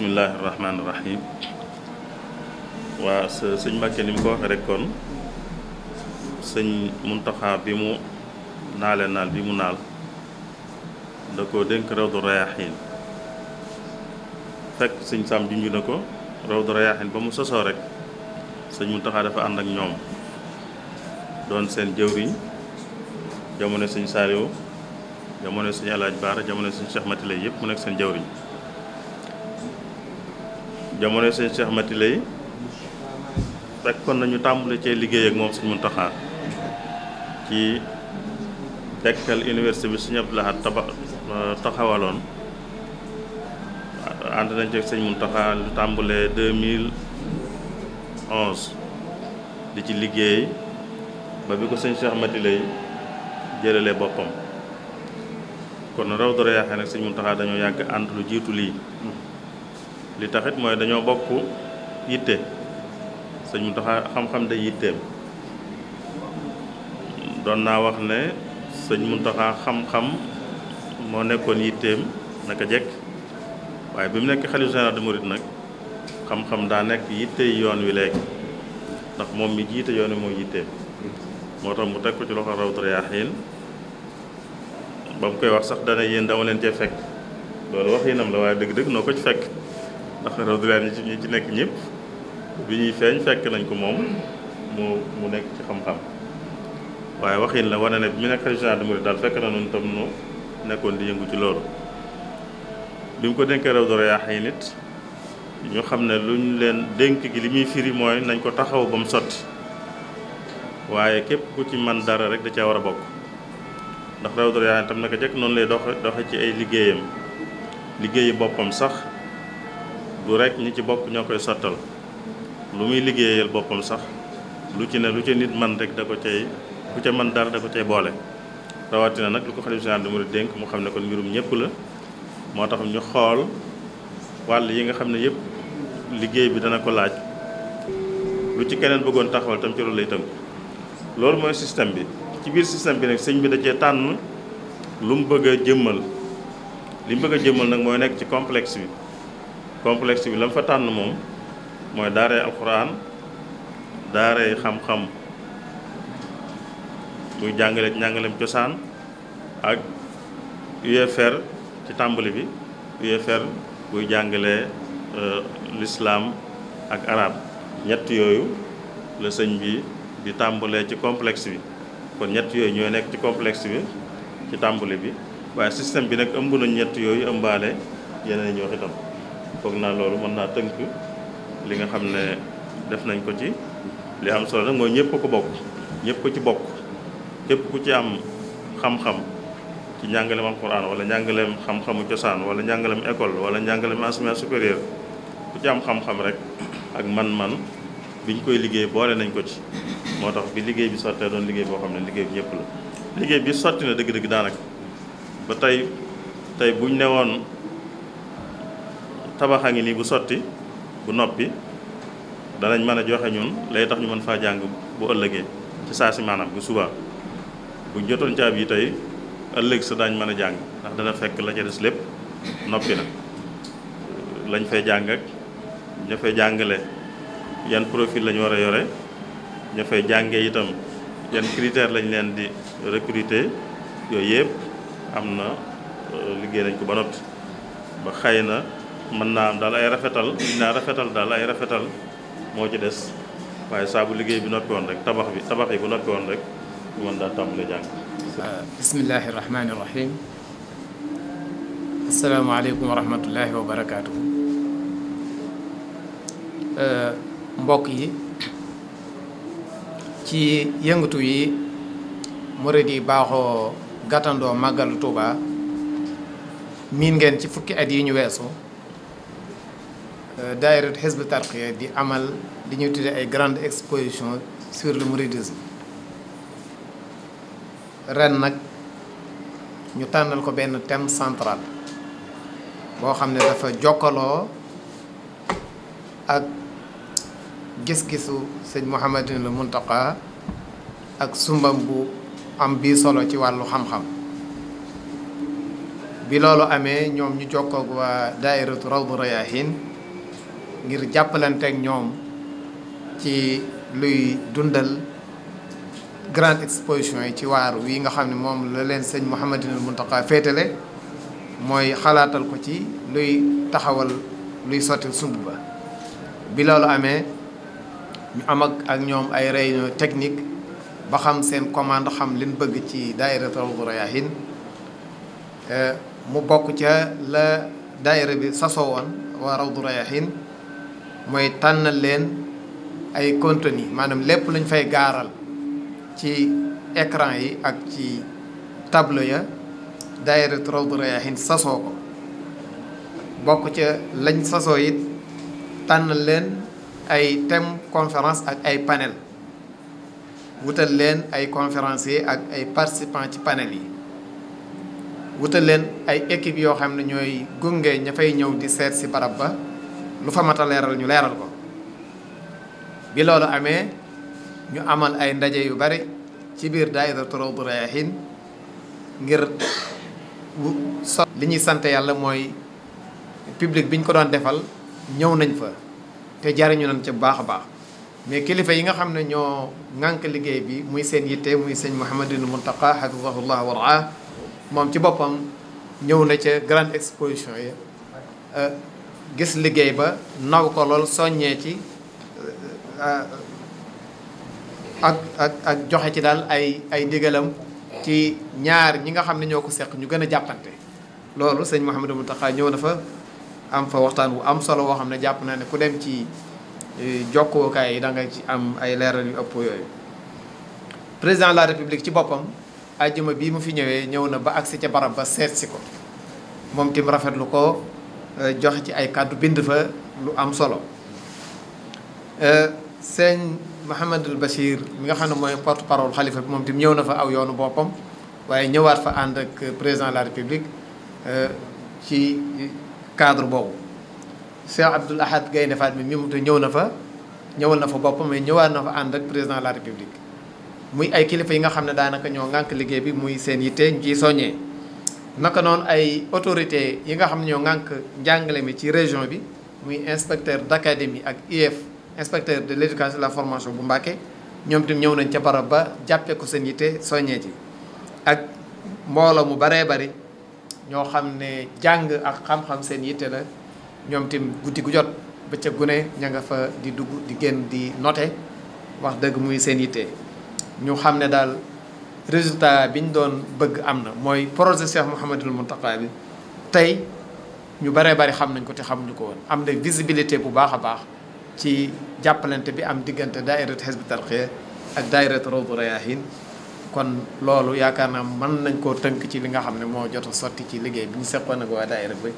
bismillahi rahmaani rahim waa sa sëñ Mbàkke ni mu ko waxee rek kon sëñ Muntaxa bi mu naale naal bi mu naal da ko dénk Rawdu Rayaahiin fekk sëñ Saam junj na ko Rawdu Rayaahiin ba mu sosoo rek sëñ Muntaxa dafa ànd ak ñoom doon seen jëwriñ jamono sëñ Saaliw jamono sëñ Alaaj Baara jamono sëñ Cheikh Matilay yëpp mu nekk seen jëwriñ jamono sëñ Cheikh Mati lay fekkoon nañu tàmbali cee liggéey ak moom mun Muntaxa ci dekkal université bi sëñ Abdou Lahad taba taxawaloon ànd nañ ceeg sëñ Muntaxa lu tàmbalee 2011 di ci liggéey ba bi ko sëñ Cheikh Mati lay jëlalee boppam kon raw doro yaaxee nag sëñ Muntaxa dañoo yàgg ànd lu jiitu lii li taxit mooy dañoo bokk yitte sëñ mu taxa xam-xam day yitteem doon naa wax ne sëñ Muntaxa xam-xam moo nekkoon yitteem naka jekk waaye bi mu nekk xalifa général des mourides nag xam-xam daa nekk yitte yoon wi léegi ndax moom mi jiite yoon wi mooy moo tax mu teg ko ci loxo rawtu yaaxiin ba mu koy wax sax dana yéen dama leen cee fekk loolu wax yéenam la waaye dëgg-dëgg noo ko ci fekk ndax rawdulaan yi ci ñi ci nekk ñëpp bi ñuy feeñ fekk nañ ko moom mu mu nekk ci xam-xam waaye waxin la wane ne bi mu nekk régional de Mouride daal fekk na noonu tam nekkoon di yëngu ci loolu bi mu ko dénkee rawdu rayaax yi nit ñu xam ne lu ñu leen dénk gi li muy firi mooy nañ ko taxaw ba mu sotti waaye képp ku ci man dara rek da caa war a bokk ndax rawdu rayaax tam naka jëkk noonu lay doxe doxe ci ay liggéeyam liggéeyu boppam sax du rek ñi ci bokk ñoo koy sottal lu muy liggéeyal boppam sax lu ci ne lu ci nit man rek da ko cay ku ca man dara da ko cay boole rawatina nag lu ko xalif général di dénk mu xam ne kon mbirum ñëpp la moo tax ñu xool wàll yi nga xam ne yëpp liggéey bi dana ko laaj lu ci keneen bëggoon taxawal tam ci loolu lay tënk loolu mooy système bi ci biir système bi nag sëñ bi da cee tànn lu mu bëgg jëmmal li mu bëgg a jëmmal nag mooy nekk ci complexe bi complexe bi la mu fa tànn moom mooy daaray alxuraan daaray xam-xam muy jàngale njàngaleem cosaan ak UFR ci tàmbali bi UFR buy jàngale euh, lislaam ak arab ñett yooyu la sëñ bi di tàmbalee ci complexe bi kon ñett yooyu ñooy nekk ci complexe bi ci tàmbali bi waaye système bi nag ëmb nañ ñett yooyu ëmbaale yeneen ñoo itam foog naa loolu mën naa tënk li nga xam ne def nañ ko ci li am solo nag mooy ñëpp ko bokk ñëpp ko ci bokk képp ku ci am xam-xam ci njàngaleem alxuraan wala njàngaleem xam-xamu cosaan wala njàngaleem école wala njàngaleem enseignement supérieur ku ci am xam-xam rek ak man-man biñ koy liggéey boole nañ ko ci moo tax bi liggéey bi sottee doon liggéey boo xam ne liggéey bi ñëpp la liggéey bi sotti na dëgg-dëgg daanaka ba tey tey buñ newoon tabax ngi nii bu sotti bu noppi danañ mën a joxe ñun lay tax ñu mën faa jàng bu ëllëgee ci saa si maanaam bu subaa bu jotoon caab yi tey ëllëg sa daañ mën a jàng ndax dana fekk la ca des lépp noppi na lañ fay jàng ak ña fay jàngale yan profil lañu war a yore ña fay jànge itam yan critère lañ leen di recruter yooyu yëpp am na euh, liggéey nañ ko ba noppi ba xëy na mën naa am daal ay rafetal mën naa rafetal daal ay rafetal moo ci des waaye saabu liggéey bi noppi woon rek tabax bi tabax yi bu noppi woon rek ñu mën daal tàmbale jàng euh, bismillahi rahmaani rahim asalaamaaleykum wa rahmatullahi wa barakaatu euh, mbokk yi ci yëngatu yi murid yi baaxoo gàttandoo màggalu Tuuba miin ngeen ci fukki at yi ñu weesu daayira Hizbut Tarqiyyah di amal li ñuy tuddee ay grande exposition sur le mouridisme ren nag ñu tànnal ko benn thème central boo xam ne dafa jokkaloo ak gis-gisu sëñ Mouhamadine la Muntaqa ak sumbam bu am bii solo ci wàllu xam-xam bi loolu amee ñoom ñu jokkoog waa daayiratu Rawdu Rayaahiin ngir jàppalanteeg ñoom ci luy dundal grande exposition yi ci waaru wi nga xam ne moom la leen sëñ Mouhamadinal Mountakha féetale mooy xalaatal ko ci luy taxawal luy sottil sumb ba bi loolu amee ñu am ak ak ñoom ay réunion technique ba xam seen commande xam leen bëgg ci daayira Rawdu Rayaahiin eh, mu bokk ca la daayira bi sasoo woon waa Rawdu Rayaahiin mooy tànnal leen ay contenu maanaam lépp luñ fay gaaral ci écran yi ak ci tableau ya daayiratu Rawdu Rayaahiin sasoo ko bokk ca lañ sasoo it tànnal leen ay tem conférence ak ay panel wutal leen ay yi ak ay participants ci panel yi wutal leen ay équipe yoo xam ne ñooy gunge ña fay ñëw di seet si barab ba lu fa mat a leeral ñu leeral ko bi loolu amee ñu amal ay ndaje yu bari ci biir daayiratu Rawdu Rayaahiin ngir so li ñuy sant yàlla mooy public bi ñu ko doon defal ñëw nañ fa te jariñu nañ ca bu baax a baax mais kilifa yi nga xam ne ñoo ŋànk liggéey bi muy seen yitte muy sëñ Mouhamadul Muntaqa hafidahullah waraa moom ci boppam ñëw na ca grande exposition yi gis liggéey ba naw ko loolu soññee ci euh, ak ak ak joxe ci daal ay ay digalam ci ñaar ñi nga xam ne ñoo ko seq ñu gën a jàppante loolu sëñ mu Mountakha ñëw na fa am fa waxtaan wu am solo woo xam ne jàpp naa ne ku dem ci euh, jokkookaay yi da nga ci am ay leeral yu ëpp yooyu président la république ci boppam ajjuma bii mu fi ñëwee ñëw na ba agsi ca barab ba seet si ko moom tim rafetlu ko Euh, joxe ci ay kàddu bind fa lu am solo euh, sëñ Mouhamadul Bachir mi nga xam ne mooy porte parole xalifa bi moom tam ñëw na fa aw yoonu boppam waaye ñëwaat fa ànd ak président de la république euh, ci cadre boobu Cheikh Abdoul Ahad Gaynde Fatma mi mu te ñëw na fa ñëwal na fa boppam mais ñëwaat na ànd ak président la république muy ay kilifa yi nga xam ne daanaka ñoo ngànk liggéey bi muy seen yitte ñu ciy soññee naka noonu ay autorité yi nga xam ñoo ŋànk njàngale mi ci région bi muy inspecteur d'académie ak uf inspecteur de l'éducation de la formation bu Mbacké ñoom tam ñëw nañ ca barab ba jàppee ko seen yitte soññee ci ak mbooloo mu baree bari ñoo xam ne jàng ak xam-xam seen yitte la ñoom tim guddi gu jot ba ca ne ña nga fa di dugg di génn di noter wax dëgg muy seen yitte ñu xam ne daal résultat bi ñu doon bëgg am na mooy projet Cheikh Mouhamadul Mountakha bi tey ñu baree bari xam nañ ko te xamuñu ko woon am na visibilité bu baax a baax ci jàppalante bi am diggante daairatu Hizbut Tarqiyyah ak daairatu Rawdu Rayaahin kon loolu yaakaar naa mën nañ koo tënk ci li nga xam ne moo jot a sotti ci liggéey bi ñu seqoon ak waa daaira bi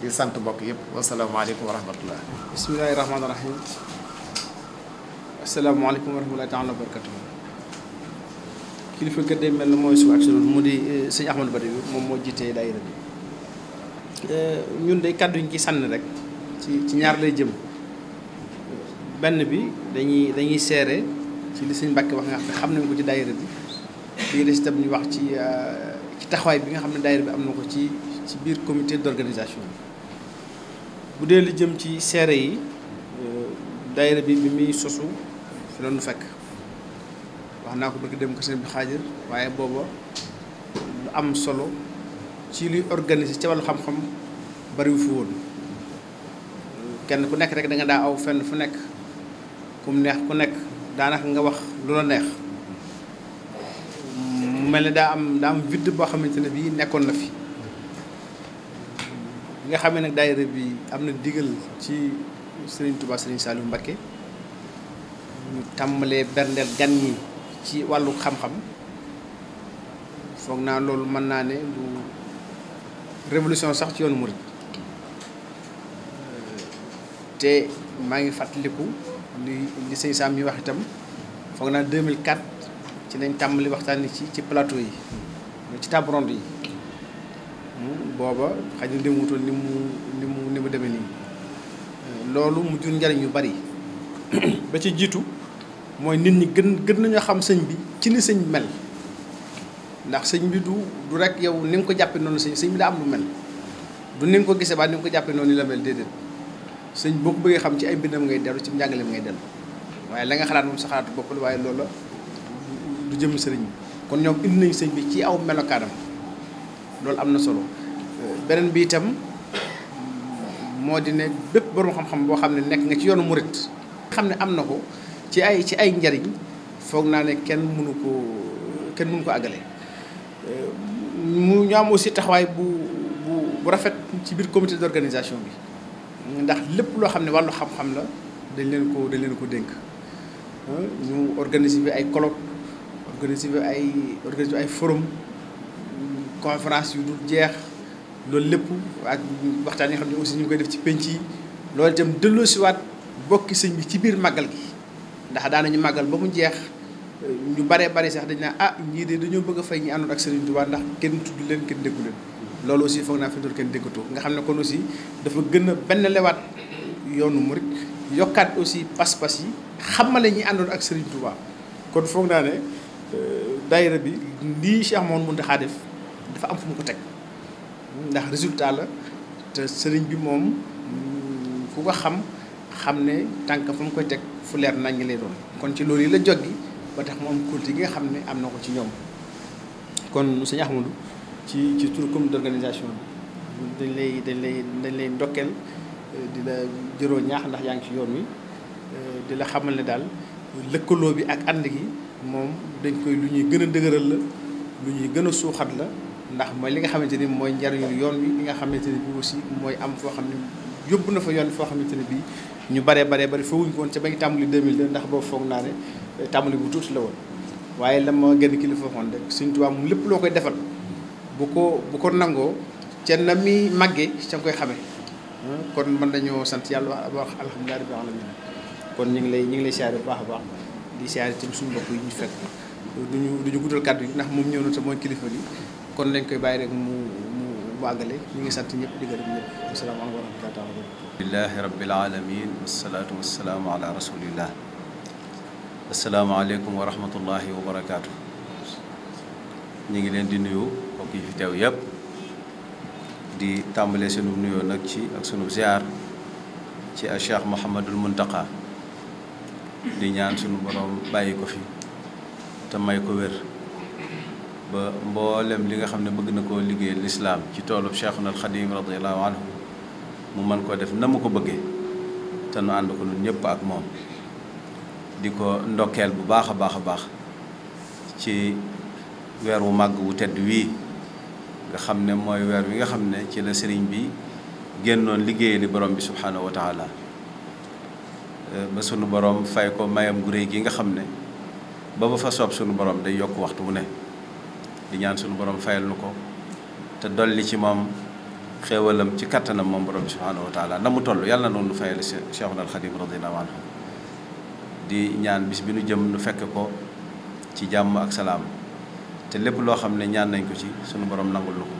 di sant mbokk yëpp wasalaamaaleykum wa rahmatullah bismillahi rahmaani rahim asalaamaaleykum wa rahmatullahi taala wa barakatuh kilifa kër day mel ne mooy suba ak mu di eh, sëñ Ahmadou Badawi moom moo jiitee dayre bi eh, ñun day kàddu ñu ci sànni rek ci ci ñaar lay jëm benn bi dañuy dañuy seere ci li sëñ Mbàkke wax nga xam ne xam nañ ko ci daayira bi li des itam ñu wax ci eh, ci taxawaay bi nga xam ne dayre bi am na ko ci ci biir comité d'organisation bu dee li jëm ci seere yi daayira bi bi muy sosu fi noonu fekk wax naa ko bëgg dem ko sëñ bu xaajal waaye booba lu am solo ci luy organiser ci wàllu xam-xam bariwu fi woon kenn ku nekk rek da nga daa aw fenn fu nekk kum neex ku nekk daanaka nga wax lu la neex mu mel ni daa am daa am vide boo xamante ne bii nekkoon na fi nga xamee nag daayira bi am na diggal ci Serigne Touba Serigne Saliou Mbacké ñu tàmbalee berndeel gan yi ci wàllu xam-xam foog naa loolu mën naa ne lu révolution sax ci yoonu murid euh, te maa ngi fàttaliku li li sëñ yi wax itam foog naa 2004 ci lañ tàmbali waxtaan ci ci plateau yi ci table ronde yi booba xaj na demutoon ni mu ni mu ni mu demee nii euh, loolu mu jur njariñ yu bari ba ci jiitu mooy nit ñi gën gën nañoo xam sëñ bi ci ni sëñ mel ndax sëñ bi du du rek yow ni nga ko jàppee noonu sëñ sëñ bi daa am lu mel du ni nga ko gisee ba ni nga ko jàppe noonu la mel déedéet sëñ boo ko bëggee xam ci ay bindam ngay dellu ci njàngaleem ngay dellu waaye la nga xalaat moom sa xalaatu bopp waaye loola du jëm sëriñ bi kon ñoom indi nañ sëñ bi ci aw melokaanam loolu am na solo beneen bi itam moo di ne bépp borom xam-xam boo xam ne nekk nga ci yoonu murit xam ne am na ko ci ay ci ay njariñ foog naa ne kenn mënu ko kenn mënu ko àggale euh, mu ñu am aussi taxawaay bu bu bu rafet ci biir comité d'organisation bi ndax lépp loo xam ne wàllu xam-xam la dañ leen ko dañ leen ko dénk ñu organiser bi ay colloque organiser bi ay organiser ay forum conférence yu dul jeex loolu lépp ak waxtaan yi nga xam ne aussi ñu ngi koy def ci penc yi loolu itam delloosiwaat bokki sëñ bi ci biir màggal gi ndax ñu màggal ba mu jeex ñu baree bari sax dañ naa ah ñii de dañoo bëgg fay ñi àndoon ak Serigne Touba ndax kenn tudd leen kenn déggu leen loolu aussi foog naa fi doon kenn déggatoo nga xam ne kon aussi dafa gën a benn lewaat yoonu murit yokkaat aussi pas-pas yi xam xamale ñi àndoon ak Serigne Touba kon foog naa ne euh, daayira bi lii Cheikh Mouhamadou daxaa def dafa am fu mu ko teg ndax résultat la te sëriñ bi moom ku ko xam xam ne tànk fa mu koy teg fu leer nañ ngi lay doon kon ci loolu yi la joggi ba tax mu am kulte gi nga xam ne am na ko ci ñoom kon sëñ Ahmadou ci ci tur comité d'organisation bi dañ lay dañ lay dañ lay ndokkeel euh, di la jëroo ñaax ndax yaa ngi ci yoon wi euh, di la xamal ne daal lëkkaloo bi ak ànd gi moom dañ koy lu ñuy gën a dëgëral la lu ñuy gën a suuxat la ndax mooy li nga xamante ni mooy njariñu yoon wi li nga xamante ni bi aussi mooy am foo xam ne yóbbu na fa yoon foo xamante ne bii ñu baree baree bari foo koon ko woon ca bañ tàmbali 2002 ndax boobu foog naa ne eh, bu tuuti la woon waaye la ma genn kilifa waxoon rek Sëñ Tuubaa moom lépp loo koy defal bu ko bu ko nangoo cen na mi màggee sa nga koy xame kon mën nañoo sant yàlla wax wax alhamdulilah rabbil alamin kon ñu ngi lay ñu ngi lay siyaare bu baax a baax di siyaare tamit suñu mbokk yi ñu fekk duñu duñu guddal kàddu yi ndax moom ñëw na te mooy kilifa li kon lañ koy bàyyi rek mu ko àggale ñu ngi sant ñëpp di gërëm ñëpp asalaamaaleykum wa rahmatulah taala alhamdulilahi rabbil alamin wasalaatu wasalaamu barakaatu ñu ngi leen di nuyu mbokk yi fi teew yëpp di tàmbale sunu nuyoo nag ci ak sunu ziar ci a cheikh Mouhamadul di ñaan sunu borom bàyyi ko fi te may ko wér ba mboolem li nga xam ne bëgg na koo liggéey lislaam ci toolub Cheikhuna al Xadim radiallahu anhu mu mën koo def na mu ko bëggee te nu ànd ko nun ñëpp ak moom di ko ndokkeel bu baax a baax a baax ci weer wu màgg wu tedd wii nga xam ne mooy weer wi nga xam ne ci la sëriñ bi génnoon liggéey li borom bi subhaanahu wa taala ba sunu borom fay ko mayam gu réy gi nga xam ne ba ba fa soob sunu borom day yokk waxtu wu ne di ñaan suñu borom fayal nu ko te dolli ci moom xéewalam ci kattanam moom borom bi subhaanahu wa na mu toll yàlla na noonu fayal Cheikhuna al Xadim radiyallahu anhu di ñaan bis bi nu jëm nu fekk ko ci jàmm ak salaam te lépp loo xam ne ñaan nañ ko ci sunu borom nangul lu ko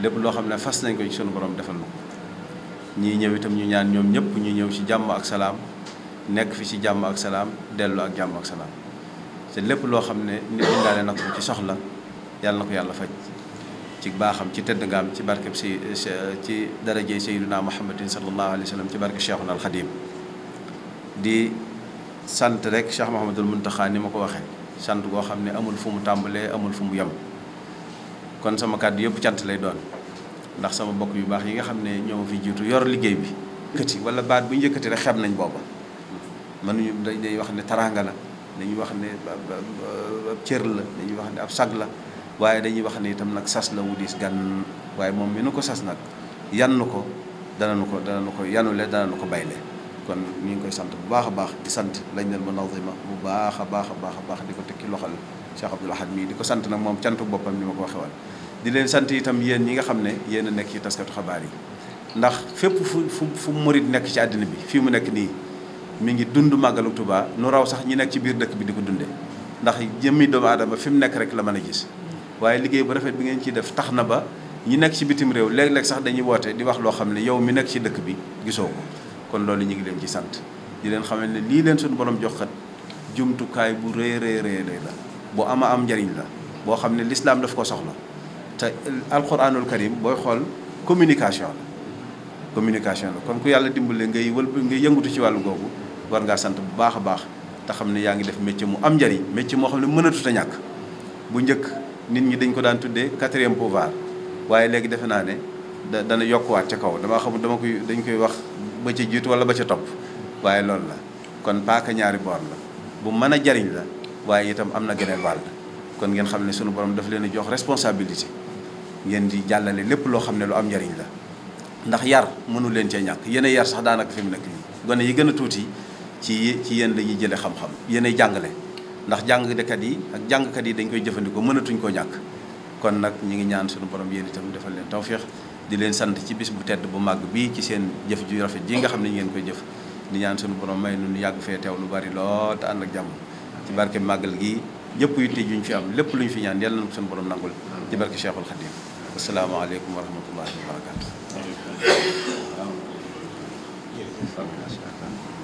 lépp loo xam ne fas nañ ko sunu borom defal lu ko ñii ñëw itam ñu ñaan ñoom ñëpp ñu ñëw ci jàmm ak salaam nekk fi ci jàmm ak salaam dellu ak jàmm ak salaam te lépp loo xam ne nit indaale na ko ci soxla yàlla na ko yàlla faj ci baaxam ci tedd ngaam ci barkeb si ci darajey sayyiduna muhammadin sallallahu alayhi wa sallam ci barke cheikhuna al xadim di sant rek cheikh mahamadul muntaxa ni ma ko waxee sant koo xam ne amul fu mu tàmbalee amul fu mu yem kon sama kàddu yëpp cant lay doon ndax sama bokk yu baax yi nga xam ne ñoo fi jiitu yor liggéey bi yëkkati wala baat bu ñu yëkkati rek xeeb nañ booba mënuñu dañ wax ne taraanga la dañuy wax ne ab cër la dañuy wax ne ab sag la waaye dañuy wax ni itam nag sas la wu diis gan waaye moom mi nu ko sas nag yan nu ko dana nu ko dana nu ko yanule dana nu ko bayle kon mu ngi koy sant bu baax a baax di sant lañ leen munazima bu baax a baax a baax a baax di ko tekki loxal Cheikh Abdoul Ahad mii di ko sant nag moom cantu boppam ni ma ko waxe woon di leen sant itam yéen ñi nga xam ne yéen a nekk ci taskatu xabaar yi ndax fépp fu fu fu nekk ci àddina bi fii mu nekk nii mu ngi dund màggalu tubaa nu raw sax ñi nekk ci biir dëkk bi di ko dunde ndax jëmmi doomu aadama fi mu nekk rek la mën a gis waaye liggéey bu rafet bi ngeen ci def tax na ba ñi nekk ci bitim réew léeg-léeg sax dañuy woote di wax loo xam ne yow mi nekk ci dëkk bi gisoo ko kon loolu ñu ngi leen ci sant di leen xamal ne lii leen suñu borom jox kat jumtukaay bu rëy rëy rëy la bu ama am njariñ la boo xam ne lislaam daf ko soxla te alquranul karim booy xool communication la communication la kon ku yàlla leen ngay wël ngay yëngutu ci wàllu googu war ngaa sant bu baax a baax te xam ne yaa ngi def métier mu am njariñ métier moo xam ne mënatut a ñàkk bu njëkk nit ñi dañ ko daan tuddee quatrième pouvoir waaye léegi defe naa ne da dana yokkuwaat ca kaw damaa xamul dama koy dañ koy wax ba ca jiitu wala ba ca topp waaye loolu la kon paaka ñaari boor la bu mën a jariñ la waaye itam am na geneen wàll kon ngeen xam ne sunu borom daf leen a jox responsabilité ngeen di jàllale lépp loo xam ne lu am njariñ la ndax yar mënul leen cee ñàkk yéen yar sax daanaka fi mu nekk nii gone yi gën a tuuti ci ci yéen la jëlee xam-xam yéen jàngale ndax jàngalekat yi ak jàngkat yi dañ koy jëfandikoo mënatuñ koo ñàkk kon nag ñu ngi ñaan suñu borom yéen itam defal leen tawféex di leen sant ci bis bu tedd bu màgg bii ci seen jëf ju rafet ji nga xam ne ñu ngeen koy jëf di ñaan suñu borom may nu yàgg fee teew lu bari lool te ànd ak jàmm ci barke màggal gi yëpp yu tëj yuñ fi am lépp lu ñu fi ñaan yàlla na ko suñu borom nangul ci barke Cheikhul Khadim asalaamaaleykum wa rahmatullahi wa barakatu